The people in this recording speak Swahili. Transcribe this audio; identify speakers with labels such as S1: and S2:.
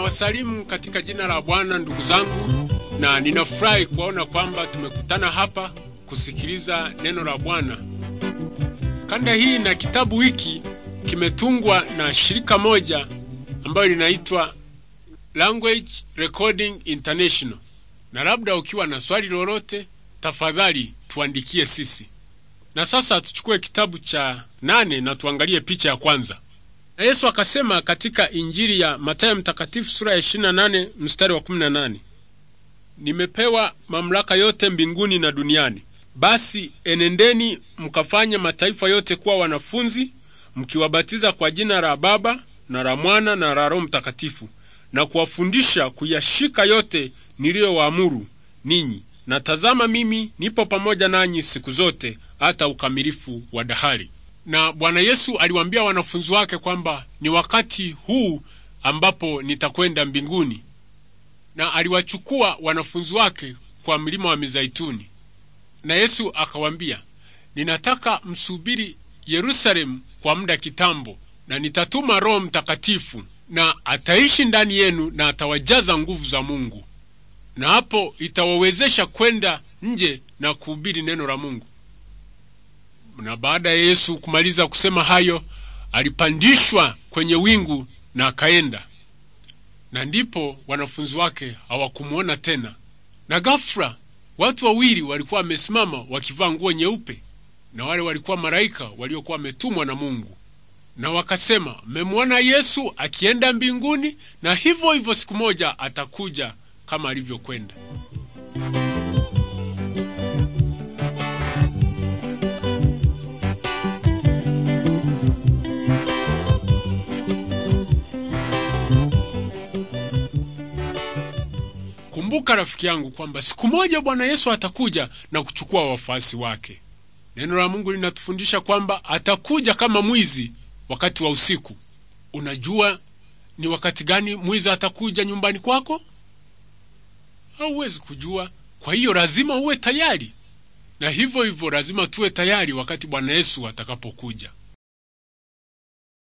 S1: Ninawasalimu katika jina la Bwana ndugu zangu, na ninafurahi kuwaona kwamba tumekutana hapa kusikiliza neno la Bwana. Kanda hii na kitabu hiki kimetungwa na shirika moja ambayo linaitwa Language Recording International, na labda ukiwa na swali lolote, tafadhali tuandikie sisi. Na sasa tuchukue kitabu cha nane na tuangalie picha ya kwanza. Na Yesu akasema katika Injili ya Mathayo mtakatifu sura ya 28 mstari wa 18, nimepewa mamlaka yote mbinguni na duniani. Basi enendeni mkafanye mataifa yote kuwa wanafunzi, mkiwabatiza kwa jina la Baba na la Mwana na la Roho Mtakatifu, na kuwafundisha kuyashika yote niliyowaamuru ninyi, na tazama, mimi nipo pamoja nanyi siku zote hata ukamilifu wa dahari na Bwana Yesu aliwaambia wanafunzi wake kwamba ni wakati huu ambapo nitakwenda mbinguni, na aliwachukua wanafunzi wake kwa mlima wa Mizaituni. Na Yesu akawaambia, ninataka msubiri Yerusalemu kwa muda kitambo, na nitatuma Roho Mtakatifu, na ataishi ndani yenu na atawajaza nguvu za Mungu, na hapo itawawezesha kwenda nje na kuhubiri neno la Mungu. Na baada ya Yesu kumaliza kusema hayo, alipandishwa kwenye wingu na akaenda, na ndipo wanafunzi wake hawakumwona tena. Na ghafla watu wawili walikuwa wamesimama wakivaa nguo nyeupe, na wale walikuwa malaika waliokuwa wametumwa na Mungu, na wakasema, mmemwona Yesu akienda mbinguni, na hivyo hivyo siku moja atakuja kama alivyokwenda. kumbuka rafiki yangu kwamba siku moja Bwana Yesu atakuja na kuchukua wafuasi wake. Neno la Mungu linatufundisha kwamba atakuja kama mwizi wakati wa usiku. Unajua ni wakati gani mwizi atakuja nyumbani kwako? Hauwezi kujua. Kwa hiyo lazima uwe tayari, na hivyo hivyo lazima tuwe tayari wakati Bwana Yesu atakapokuja.